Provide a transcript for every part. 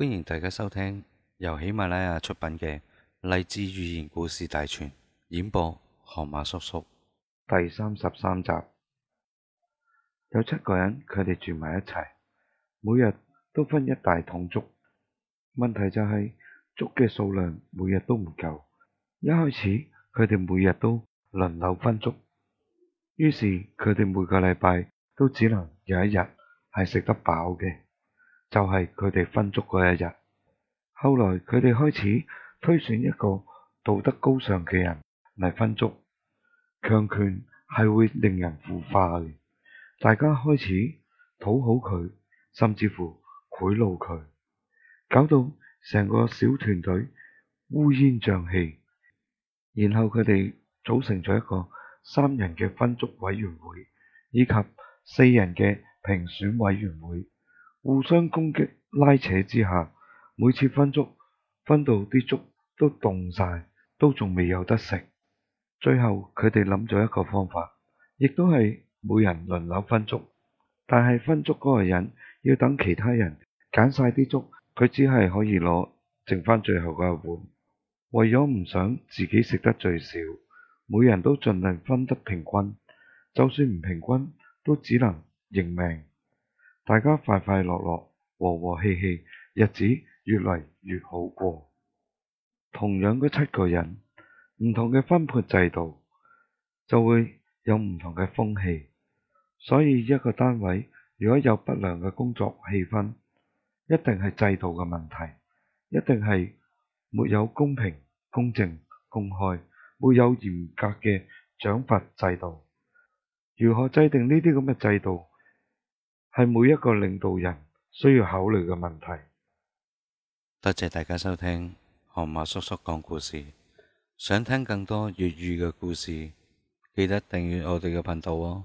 歡迎大家收聽由喜馬拉雅出品嘅《勵志寓言故事大全》，演播河馬叔叔，第三十三集。有七個人，佢哋住埋一齊，每日都分一大桶粥。問題就係粥嘅數量每日都唔夠。一開始佢哋每日都輪流分粥，於是佢哋每個禮拜都只能有一日係食得飽嘅。就係佢哋分粥嗰一日。後來佢哋開始推選一個道德高尚嘅人嚟分粥。強權係會令人腐化嘅。大家開始討好佢，甚至乎賄賂佢，搞到成個小團隊烏煙瘴氣。然後佢哋組成咗一個三人嘅分粥委員會，以及四人嘅評選委員會。互相攻擊、拉扯之下，每次分粥分到啲粥都凍晒，都仲未有得食。最後佢哋諗咗一個方法，亦都係每人輪流分粥，但係分粥嗰個人要等其他人揀晒啲粥，佢只係可以攞剩翻最後一碗。為咗唔想自己食得最少，每人都盡量分得平均，就算唔平均都只能認命。大家快快樂樂、和和氣氣，日子越嚟越好過。同樣嘅七個人，唔同嘅分配制度就會有唔同嘅風氣。所以一個單位如果有不良嘅工作氣氛，一定係制度嘅問題，一定係沒有公平、公正、公開，沒有嚴格嘅獎罰制度。如何制定呢啲咁嘅制度？係每一個領導人需要考慮嘅問題。多謝大家收聽河馬叔叔講故事。想聽更多粵語嘅故事，記得訂閱我哋嘅頻道哦。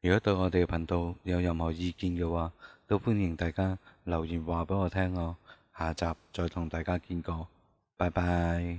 如果對我哋嘅頻道有任何意見嘅話，都歡迎大家留言話俾我聽哦。下集再同大家見過，拜拜。